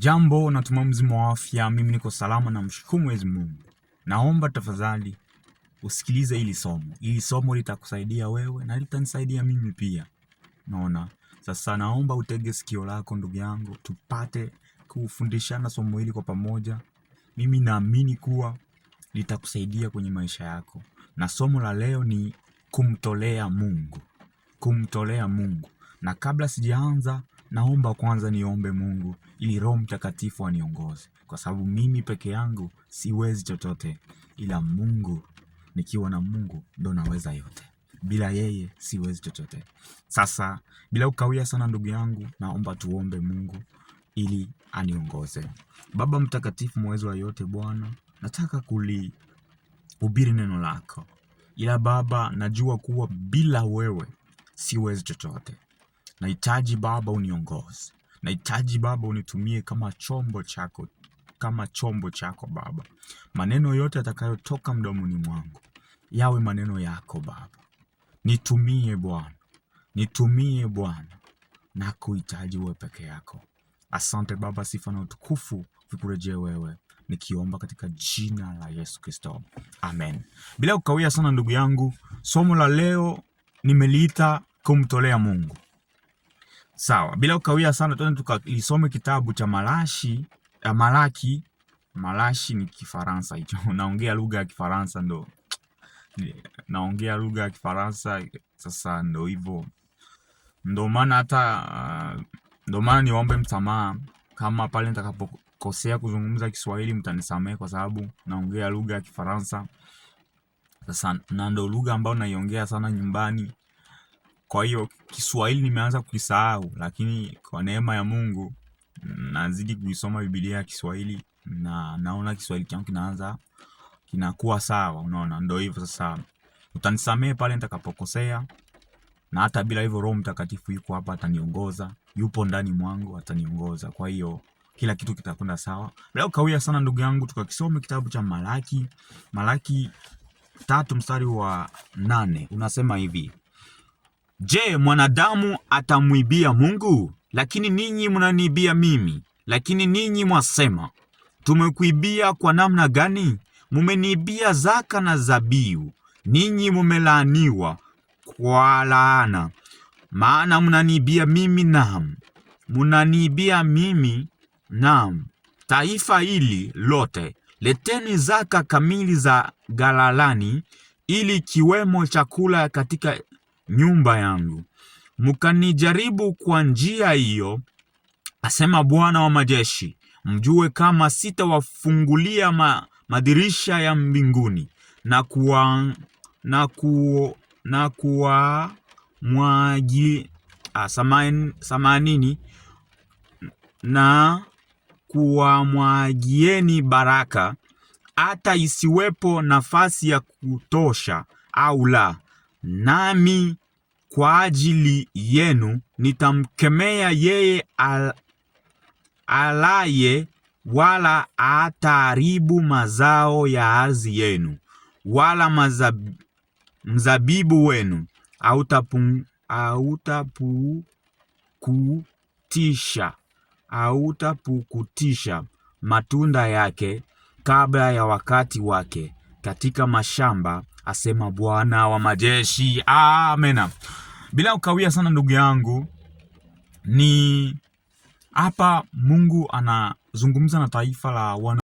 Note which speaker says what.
Speaker 1: Jambo, natumai mzima wa afya. Mimi niko salama na mshukuru Mwenyezi Mungu. Naomba tafadhali usikilize hili somo. Hili somo litakusaidia wewe na litanisaidia mimi pia, naona sasa. Naomba utege sikio lako ndugu yangu, tupate kufundishana somo hili kwa pamoja. Mimi naamini kuwa litakusaidia kwenye maisha yako, na somo la leo ni kumtolea Mungu, kumtolea Mungu. Na kabla sijaanza Naomba kwanza niombe Mungu ili Roho Mtakatifu aniongoze, kwa sababu mimi peke yangu siwezi chochote, ila Mungu, nikiwa na Mungu ndo naweza yote. Bila yeye siwezi chochote. Sasa bila kukawia sana, ndugu yangu, naomba tuombe Mungu ili aniongoze. Baba Mtakatifu, mwezi wa yote, Bwana, nataka kulihubiri neno lako, ila Baba, najua kuwa bila wewe siwezi chochote. Nahitaji Baba uniongoze. Nahitaji Baba unitumie kama chombo chako, kama chombo chako Baba. Maneno yote yatakayotoka mdomoni mwangu yawe maneno yako Baba. Nitumie Bwana, nitumie Bwana, na kuhitaji wewe peke yako. Asante Baba, sifa na utukufu vikurejee wewe, nikiomba katika jina la Yesu Kristo, amen. Bila kukawia sana, ndugu yangu, somo la leo nimeliita kumtolea Mungu. Sawa, bila kukawia sana, twende tukalisome kitabu cha Malashi. ya eh, Malaki. Malashi ni Kifaransa hicho. Naongea lugha ya Kifaransa ndo naongea lugha ya Kifaransa sasa, ndo hivyo, ndo maana hata ah, ndo maana niombe msamaha kama pale nitakapokosea kuzungumza Kiswahili, mtanisamehe kwa sababu naongea lugha ya Kifaransa sasa, na ndo lugha ambayo naiongea sana nyumbani. Kwa hiyo Kiswahili nimeanza kukisahau lakini kwa neema ya Mungu nazidi kuisoma Biblia ya Kiswahili na naona Kiswahili changu kinaanza kinakuwa sawa, unaona? Ndio hivyo sasa. Utanisamehe pale nitakapokosea na hata bila hivyo Roho Mtakatifu yuko hapa ataniongoza, yupo ndani mwangu ataniongoza. Kwa hiyo kila kitu kitakwenda sawa. Leo kawia sana ndugu yangu, tukakisome kitabu cha Malaki. Malaki tatu mstari wa nane unasema hivi: Je, mwanadamu atamwibia Mungu? Lakini ninyi mnaniibia mimi. Lakini ninyi mwasema, tumekuibia kwa namna gani? Mumeniibia zaka na zabiu. Ninyi mumelaaniwa kwa laana, maana mnaniibia mimi, naam, mnaniibia mimi, naam, taifa hili lote. Leteni zaka kamili za galalani, ili kiwemo chakula katika nyumba yangu, mkanijaribu kwa njia hiyo, asema Bwana wa majeshi, mjue kama sitawafungulia ma, madirisha ya mbinguni na kuwa na ku na kuwa mwagi ah, samanini na kuwamwagieni baraka hata isiwepo nafasi ya kutosha au la nami kwa ajili yenu nitamkemea yeye alaye, wala ataharibu mazao ya ardhi yenu, wala mzabibu wenu hautapukutisha hautapukutisha matunda yake kabla ya wakati wake katika mashamba asema Bwana wa majeshi. Amena. Bila ukawia sana, ndugu yangu, ni hapa Mungu anazungumza na taifa la wana